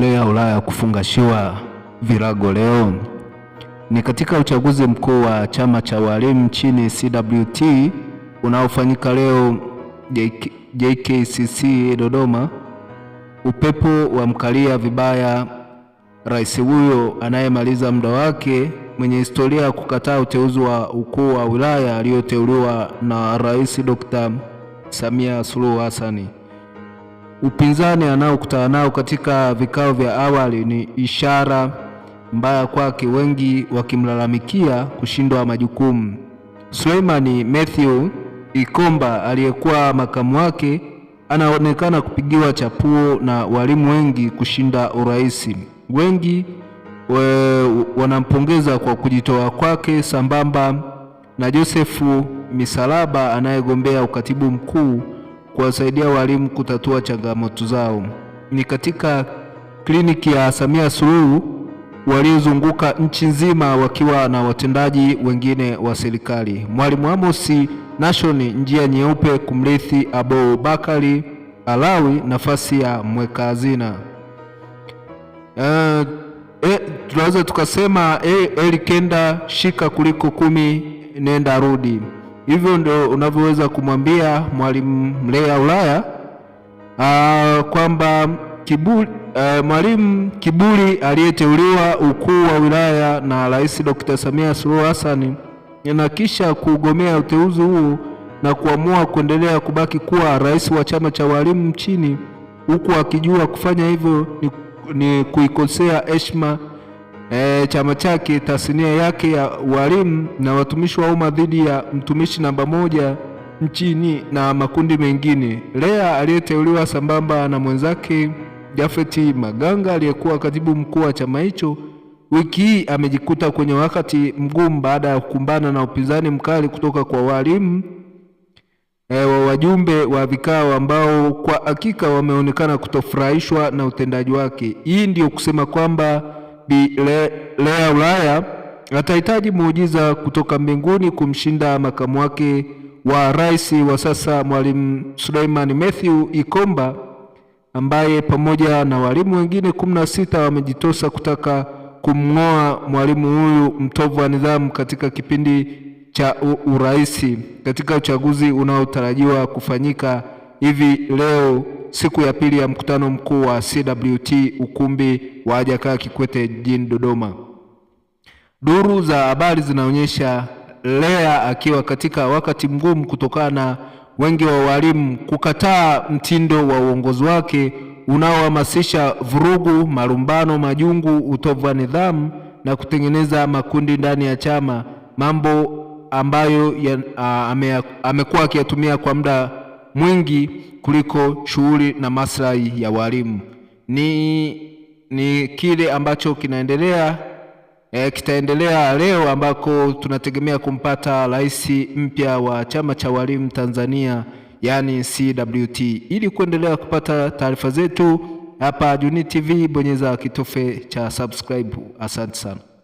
Leo ya Ulaya kufungashiwa virago leo ni katika uchaguzi mkuu wa chama cha walimu nchini CWT unaofanyika leo JK, JKCC Dodoma. Upepo wa mkalia vibaya rais huyo anayemaliza muda wake mwenye historia ya kukataa uteuzi wa ukuu wa wilaya aliyoteuliwa na Rais Dr. Samia Suluhu Hassani. Upinzani anaokutana nao katika vikao vya awali ni ishara mbaya kwake, wengi wakimlalamikia kushindwa majukumu. Suleimani Mathew Ikomba aliyekuwa makamu wake anaonekana kupigiwa chapuo na walimu wengi kushinda urais. Wengi we, wanampongeza kwa kujitoa kwake, sambamba na Josefu Misalaba anayegombea ukatibu mkuu kuwasaidia walimu kutatua changamoto zao. Ni katika kliniki ya Samia Suluhu waliozunguka nchi nzima wakiwa na watendaji wengine wa serikali. Mwalimu Amos Nashon, njia nyeupe kumrithi Bakari Alawi nafasi ya mweka hazina. Uh, eh, tunaweza tukasema eh, elikenda shika kuliko kumi nenda rudi. Hivyo ndio unavyoweza kumwambia Mwalimu Mlea Ulaya ah, kwamba kiburi uh, eh, mwalimu kiburi aliyeteuliwa ukuu wa wilaya na Rais Dr. Samia Suluhu Hassan na kisha kugomea uteuzi huo na kuamua kuendelea kubaki kuwa rais wa chama cha walimu nchini, huku akijua kufanya hivyo ni, ni kuikosea heshima e, chama chake tasnia yake ya walimu na watumishi wa umma dhidi ya mtumishi namba moja nchini na makundi mengine. Lea aliyeteuliwa sambamba na mwenzake Jafeti Maganga aliyekuwa katibu mkuu wa chama hicho, wiki hii amejikuta kwenye wakati mgumu baada ya kukumbana na upinzani mkali kutoka kwa walimu e, wa wajumbe wa vikao ambao kwa hakika wameonekana kutofurahishwa na utendaji wake. Hii ndiyo kusema kwamba lea Ulaya atahitaji muujiza kutoka mbinguni kumshinda makamu wake wa rais wa sasa Mwalimu Suleiman Mathew Ikomba ambaye pamoja na walimu wengine kumi na sita wamejitosa kutaka kumng'oa mwalimu huyu mtovu wa nidhamu katika kipindi cha uraisi katika uchaguzi unaotarajiwa kufanyika hivi leo siku ya pili ya mkutano mkuu wa CWT ukumbi wa Haja Kikwete jijini Dodoma. Duru za habari zinaonyesha Lea akiwa katika wakati mgumu kutokana na wengi wa walimu kukataa mtindo wa uongozi wake unaohamasisha vurugu, marumbano, majungu, utovu wa nidhamu na kutengeneza makundi ndani ya chama, mambo ambayo ya, a, ame, amekuwa akiyatumia kwa muda mwingi kuliko shughuli na maslahi ya walimu. Ni, ni kile ambacho kinaendelea e, kitaendelea leo ambako tunategemea kumpata rais mpya wa chama cha walimu Tanzania yani CWT. Ili kuendelea kupata taarifa zetu hapa Junii TV, bonyeza kitufe cha subscribe. Asante sana.